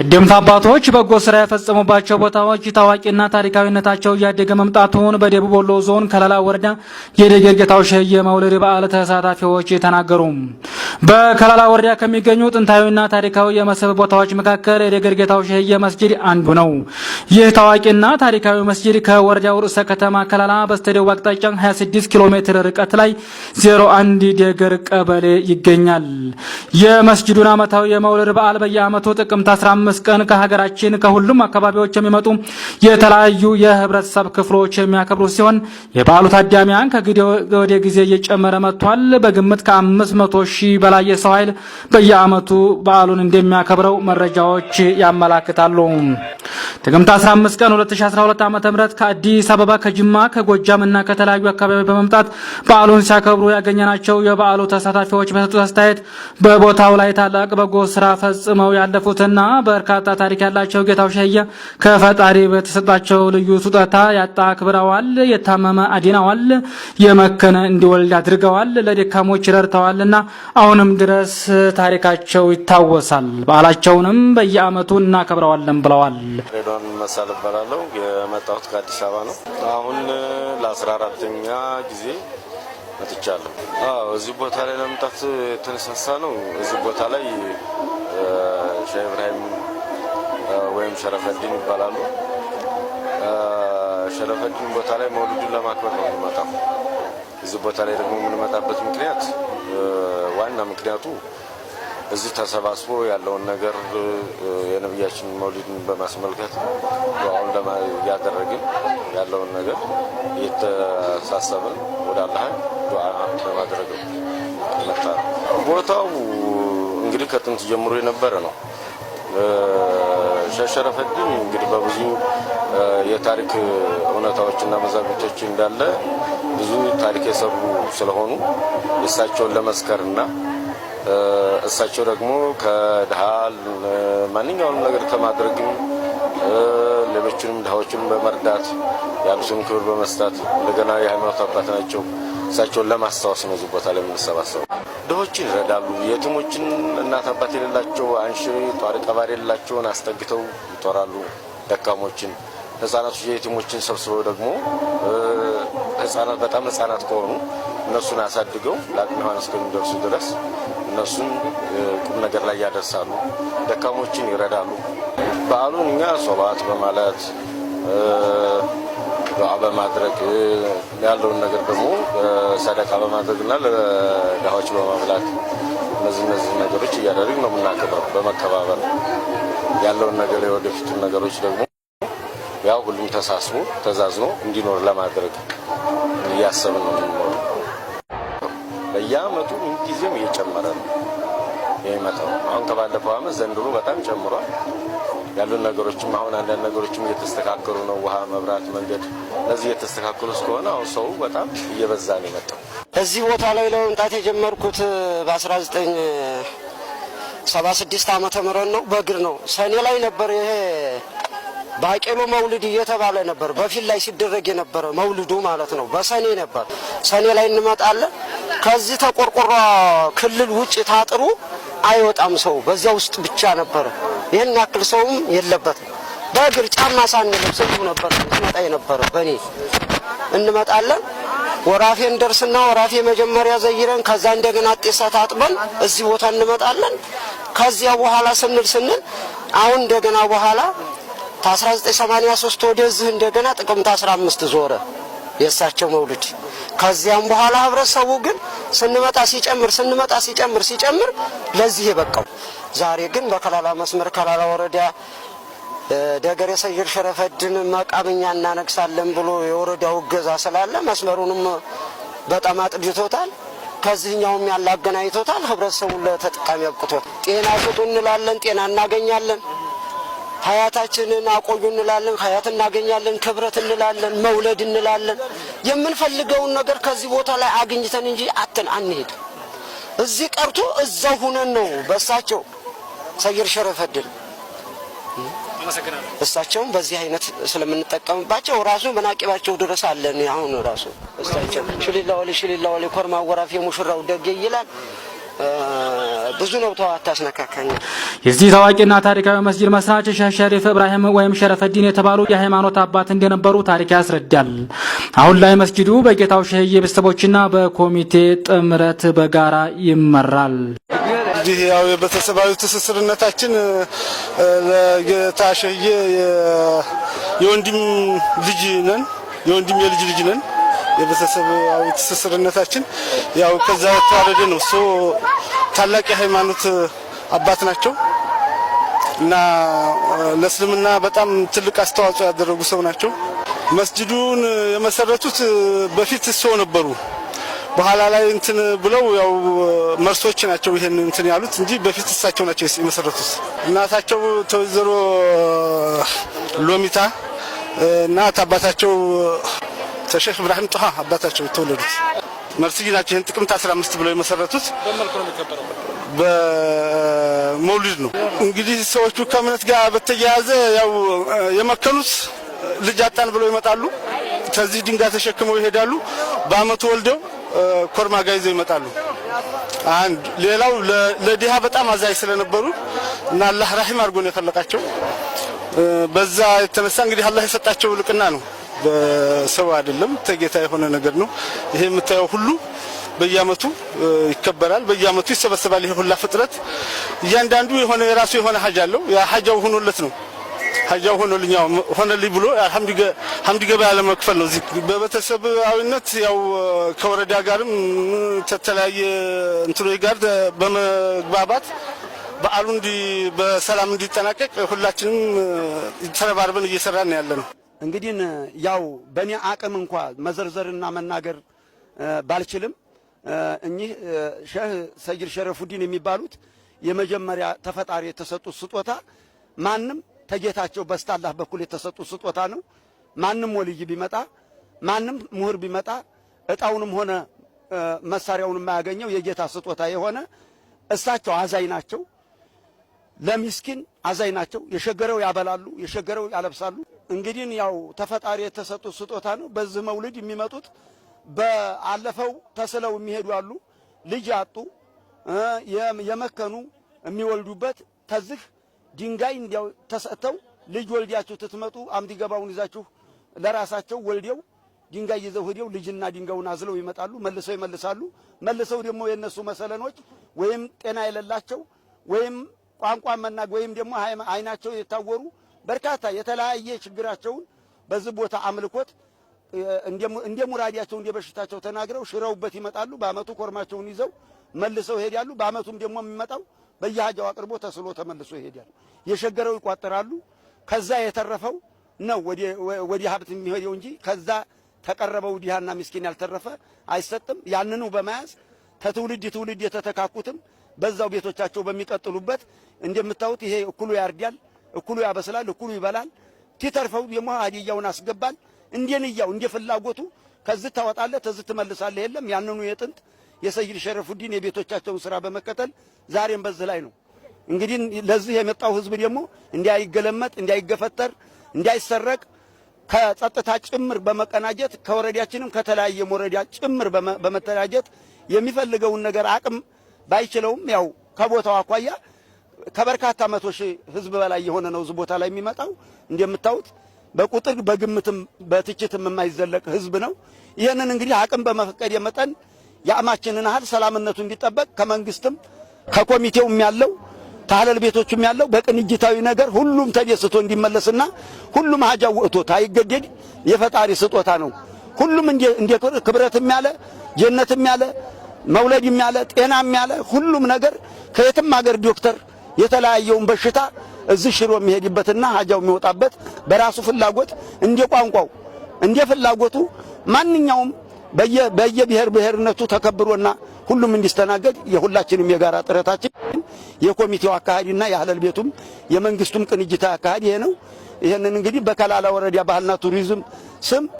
ቀደምት አባቶች በጎ ስራ የፈጸሙባቸው ቦታዎች ታዋቂና ታሪካዊነታቸው እያደገ መምጣቱን በደቡብ ወሎ ዞን ከላላ ወረዳ የደገር ጌታው ሸየ መውልድ በዓል ተሳታፊዎች ተናገሩ። በከላላ ወረዳ ከሚገኙ ጥንታዊና ታሪካዊ የመስህብ ቦታዎች መካከል የደገር ጌታው ሸየ መስጊድ አንዱ ነው። ይህ ታዋቂና ታሪካዊ መስጂድ ከወረዳው ርዕሰ ከተማ ከላላ በስተደቡብ አቅጣጫ 26 ኪሎ ሜትር ርቀት ላይ 01 ደገር ቀበሌ ይገኛል። የመስጂዱን ዓመታዊ የመውለድ በዓል በየዓመቱ ጥቅምት 15 ቀን ከሀገራችን ከሁሉም አካባቢዎች የሚመጡ የተለያዩ የህብረተሰብ ክፍሎች የሚያከብሩ ሲሆን የበዓሉ ታዳሚያን ከጊዜ ወደ ጊዜ እየጨመረ መጥቷል። በግምት ከ500 ሺህ በላይ የሰው ኃይል በየዓመቱ በዓሉን እንደሚያከብረው መረጃዎች ያመላክታሉ። 15 ቀን 2012 ዓ.ም ከአዲስ አበባ ከጅማ ከጎጃም እና ከተለያዩ አካባቢ በመምጣት በዓሉን ሲያከብሩ ያገኘናቸው የበዓሉ ተሳታፊዎች በሰጡት አስተያየት በቦታው ላይ ታላቅ በጎ ስራ ፈጽመው ያለፉትና በርካታ ታሪክ ያላቸው ጌታው ሸየ ከፈጣሪ በተሰጣቸው ልዩ ስጦታ ያጣ አክብረዋል፣ የታመመ አዲናዋል፣ የመከነ እንዲወልድ አድርገዋል፣ ለደካሞች ረድተዋልና አሁንም ድረስ ታሪካቸው ይታወሳል። በዓላቸውንም በየዓመቱ እናከብረዋለን ብለዋል። ካሳል እባላለሁ። የመጣሁት ከአዲስ አበባ ነው። አሁን ለ 14 ጊዜ መጥቻለሁ። እዚህ ቦታ ላይ ለመምጣት የተነሳሳ ነው። እዚህ ቦታ ላይ ሼህ ኢብራሂም ወይም ሸረፈዲን ይባላሉ። ሸረፈዲን ቦታ ላይ መውሊዱን ለማክበር ነው የምንመጣው። እዚህ ቦታ ላይ ደግሞ የምንመጣበት ምክንያት ዋና ምክንያቱ እዚህ ተሰባስቦ ያለውን ነገር የነብያችን መውሊድን በማስመልከት አሁን ለማ እያደረግን ያለውን ነገር እየተሳሰብን ወደ አላህ ዱዓ በማድረግ መጣ። ቦታው እንግዲህ ከጥንት ጀምሮ የነበረ ነው። ሸሸረፈድን እንግዲህ በብዙ የታሪክ እውነታዎችና መዛግብቶች እንዳለ ብዙ ታሪክ የሰሩ ስለሆኑ እሳቸውን ለመስከርና እሳቸው ደግሞ ከድሃ ማንኛውንም ነገር ከማድረግም ሌሎችንም ድሃዎችን በመርዳት የአክሱም ክብር በመስጠት እንደገና የሃይማኖት አባት ናቸው። እሳቸውን ለማስታወስ ነው እዚህ ቦታ ላይ የምንሰባሰቡ። ድሆችን ይረዳሉ። የትሞችን እናት አባት የሌላቸው አንሺ ጧሪ ቀባሪ የሌላቸውን አስጠግተው ይጦራሉ። ደካሞችን፣ ህጻናቶች የቲሞችን ሰብስበው ደግሞ ህጻናት በጣም ህጻናት ከሆኑ እነሱን አሳድገው ለአቅመ ሔዋን እስከሚደርሱ ድረስ እነሱን ቁም ነገር ላይ ያደርሳሉ፣ ደካሞችን ይረዳሉ። በዓሉን እኛ ሶላት በማለት ዱዓ በማድረግ ያለውን ነገር ደግሞ ሰደቃ በማድረግና ለድሃዎች በማብላት እነዚህ እነዚህ ነገሮች እያደረግን ነው የምናከብረው። በመከባበር ያለውን ነገር የወደፊቱን ነገሮች ደግሞ ያው ሁሉም ተሳስቦ ተዛዝኖ እንዲኖር ለማድረግ እያሰብን ነው። በየአመቱ ምንጊዜም እየጨመረ ነው የሚመጣው። አሁን ከባለፈው አመት ዘንድሮ በጣም ጨምሯል። ያሉን ነገሮችም አሁን አንዳንድ ነገሮችም እየተስተካከሉ ነው። ውሃ፣ መብራት፣ መንገድ እነዚህ እየተስተካከሉ እስከሆነ አሁን ሰው በጣም እየበዛ ነው የመጣው። እዚህ ቦታ ላይ ለመምጣት የጀመርኩት በ1976 ዓመተ ምህረት ነው። በእግር ነው። ሰኔ ላይ ነበር ይሄ ባቄሎ መውልድ እየተባለ ነበር በፊት ላይ ሲደረግ የነበረ መውልዱ ማለት ነው። በሰኔ ነበር። ሰኔ ላይ እንመጣለን ከዚህ ተቆርቆሮ ክልል ውጭ ታጥሩ አይወጣም ሰው በዚያ ውስጥ ብቻ ነበረ። ይህን ያክል ሰውም የለበትም። በእግር ጫማ ሳንለብስ ሰው ነበር ስመጣ የነበረ። በእኔ እንመጣለን ወራፌ እንደርስና ወራፌ መጀመሪያ ዘይረን ከዛ እንደገና ጤሳ ታጥበን እዚህ ቦታ እንመጣለን። ከዚያ በኋላ ስንል ስንል አሁን እንደገና በኋላ ከ1983 ወደዚህ እንደገና ጥቅምት 15 ዞረ። የእሳቸው መውልድ። ከዚያም በኋላ ህብረተሰቡ ግን ስንመጣ ሲጨምር ስንመጣ ሲጨምር ሲጨምር ለዚህ የበቃው ዛሬ ግን በከላላ መስመር ከላላ ወረዳ ደገር የሰይር ሸረፈድን መቃምኛ እናነግሳለን ብሎ የወረዳው እገዛ ስላለ መስመሩንም በጣም አጥድቶታል። ከዚህኛውም ያለ አገናኝቶታል። ህብረተሰቡ ለተጠቃሚ አብቅቶታል። ጤና ስጡ እንላለን፣ ጤና እናገኛለን። ሀያታችንን አቆዩ እንላለን። ሀያት እናገኛለን፣ ክብረት እንላለን፣ መውለድ እንላለን። የምንፈልገውን ነገር ከዚህ ቦታ ላይ አግኝተን እንጂ አትን አንሄድ። እዚህ ቀርቶ እዛው ሁነን ነው በእሳቸው ሰይር ሸረፈድን እሳቸውም በዚህ አይነት ስለምንጠቀምባቸው ራሱ መናቂባቸው ድረስ አለን። አሁን ራሱ እሳቸው ሽሊላ ወሌ ሽሊላ ወሌ ኮርማ ወራፊ የሙሽራው ደጌ ይላል። ብዙ ነው። ተው አታስነካካኝ። የዚህ ታዋቂና ታሪካዊ መስጂድ መስራች ሸህ ሸሪፍ እብራሂም ወይም ሸረፈዲን የተባሉ የሃይማኖት አባት እንደነበሩ ታሪክ ያስረዳል። አሁን ላይ መስጂዱ በጌታው ሸህዬ ቤተሰቦችና በኮሚቴ ጥምረት በጋራ ይመራል። እንግዲህ ያው የቤተሰባዊ ትስስርነታችን ለጌታ ሸህዬ የወንድም ልጅ ነን፣ የወንድም የልጅ ልጅ ነን የቤተሰባዊ ትስስርነታችን ያው ከዛ የተዋረደ ነው። እሱ ታላቅ የሃይማኖት አባት ናቸው እና ለእስልምና በጣም ትልቅ አስተዋጽኦ ያደረጉ ሰው ናቸው። መስጅዱን የመሰረቱት በፊት ሰው ነበሩ። በኋላ ላይ እንትን ብለው ያው መርሶች ናቸው ይሄን እንትን ያሉት እንጂ በፊት እሳቸው ናቸው የመሰረቱት። እናታቸው ተወይዘሮ ሎሚታ እና አባታቸው ሸህ ኢብራሂም ጦሃ አባታቸው የተወለዱት መስጊዳችን ጥቅምት 15 ብለው የመሰረቱት በመውሊድ ነው። እንግዲህ ሰዎቹ ከእምነት ጋር በተያያዘ ያው የመከኑት ልጅ አጣን ብለው ይመጣሉ። ከዚህ ድንጋይ ተሸክመው ይሄዳሉ። በአመቱ ወልደው ኮርማ ጋር ይዘው ይመጣሉ። አንድ ሌላው ለድሃ በጣም አዛኝ ስለነበሩ እና አላህ ራሂም አድርጎ ነው የፈለቃቸው። በዛ የተነሳ እንግዲህ አላህ የሰጣቸው ልቅና ነው። በሰው አይደለም ተጌታ የሆነ ነገር ነው። ይሄ የምታየው ሁሉ በየአመቱ ይከበራል፣ በየአመቱ ይሰበሰባል። ይሄ ሁላ ፍጥረት እያንዳንዱ የሆነ የራሱ የሆነ ሀጅ አለው። ያ ሀጃው ሆኖለት ነው ሀጃው ሆኖልኛው ሆነልኝ ብሎ ሀምድ ገበያ ለመክፈል ነው። እዚህ በቤተሰባዊነት ያው ከወረዳ ጋርም ከተለያየ እንትኖች ጋር በመግባባት በዓሉ በሰላም እንዲጠናቀቅ ሁላችንም ተረባርበን እየሰራን ያለ ነው። እንግዲህ ያው በእኔ አቅም እንኳ መዘርዘርና መናገር ባልችልም እኚህ ሸህ ሰይድ ሸረፉዲን የሚባሉት የመጀመሪያ ተፈጣሪ የተሰጡት ስጦታ ማንም ተጌታቸው በስታላህ በኩል የተሰጡት ስጦታ ነው። ማንም ወልይ ቢመጣ ማንም ምሁር ቢመጣ እጣውንም ሆነ መሳሪያውን የማያገኘው የጌታ ስጦታ የሆነ እሳቸው አዛኝ ናቸው። ለሚስኪን አዛኝ ናቸው። የሸገረው ያበላሉ፣ የሸገረው ያለብሳሉ። እንግዲህ ያው ተፈጣሪ የተሰጡት ስጦታ ነው። በዚህ መውልድ የሚመጡት በአለፈው ተስለው የሚሄዱ አሉ፣ ልጅ አጡ የመከኑ የሚወልዱበት ተዝህ ድንጋይ እንዲያው ተሰጥተው ልጅ ወልዲያችሁ ትትመጡ አምድ ገባውን ይዛችሁ ለራሳቸው ወልዴው ድንጋይ ይዘው ሄደው ልጅና ድንጋዩን አዝለው ይመጣሉ። መልሰው ይመልሳሉ። መልሰው ደግሞ የነሱ መሰለኖች ወይም ጤና የሌላቸው ወይም ቋንቋ መናግ ወይም ደግሞ አይናቸው የታወሩ በርካታ የተለያየ ችግራቸውን በዚህ ቦታ አምልኮት እንደ ሙራዲያቸው እንደ በሽታቸው ተናግረው ሽረውበት ይመጣሉ። በአመቱ ኮርማቸውን ይዘው መልሰው ይሄዳሉ። በአመቱም ደግሞ የሚመጣው በየሃጃው አቅርቦ ተስሎ ተመልሶ ይሄዳል። የሸገረው ይቋጠራሉ። ከዛ የተረፈው ነው ወደ ሀብት የሚሄደው እንጂ ከዛ ተቀረበው ድሃና ምስኪን ያልተረፈ አይሰጥም። ያንኑ በመያዝ ተትውልድ ትውልድ የተተካኩትም በዛው ቤቶቻቸው በሚቀጥሉበት እንደምታዩት ይሄ እኩሉ ያርዳል። እኩሉ ያበስላል፣ እኩሉ ይበላል። ቲተርፈው ደግሞ ሀዲያውን አስገባል። እንደንያው እንደ ፍላጎቱ ከዚህ ታወጣለህ፣ ተዚህ ትመልሳለህ። የለም ያንኑ የጥንት የሰይድ ሸረፉዲን የቤቶቻቸውን ስራ በመከተል ዛሬም በዚህ ላይ ነው። እንግዲህ ለዚህ የመጣው ህዝብ ደግሞ እንዳይገለመጥ፣ እንዳይገፈጠር፣ እንዳይሰረቅ ከጸጥታ ጭምር በመቀናጀት ከወረዳችንም ከተለያየ ወረዳ ጭምር በመተዳጀት የሚፈልገውን ነገር አቅም ባይችለውም ያው ከቦታው አኳያ ከበርካታ መቶ ሺህ ህዝብ በላይ የሆነ ነው እዚህ ቦታ ላይ የሚመጣው። እንደምታዩት በቁጥር በግምትም በትችትም የማይዘለቅ ህዝብ ነው። ይህንን እንግዲህ አቅም በመፈቀድ የመጠን የአማችንን ያህል ሰላምነቱ እንዲጠበቅ ከመንግስትም ከኮሚቴውም ያለው ታህለል ቤቶችም ያለው በቅንጅታዊ ነገር ሁሉም ተደስቶ እንዲመለስና ሁሉም ሀጃ ወጥቶ አይገደድ የፈጣሪ ስጦታ ነው። ሁሉም እንደ ክብረትም ያለ ጀነትም ያለ መውለድም ያለ ጤናም ያለ ሁሉም ነገር ከየትም ሀገር ዶክተር የተለያየውን በሽታ እዚህ ሽሮ የሚሄድበትና ሀጃው የሚወጣበት በራሱ ፍላጎት እንደ ቋንቋው እንደ ፍላጎቱ ማንኛውም በየብሔር ብሔርነቱ ተከብሮና ሁሉም እንዲስተናገድ የሁላችንም የጋራ ጥረታችን የኮሚቴው አካሄድና የአህለል ቤቱም የመንግስቱም ቅንጅታ አካሄድ ይሄ ነው። ይህንን እንግዲህ በከላላ ወረዳ ባህልና ቱሪዝም ስም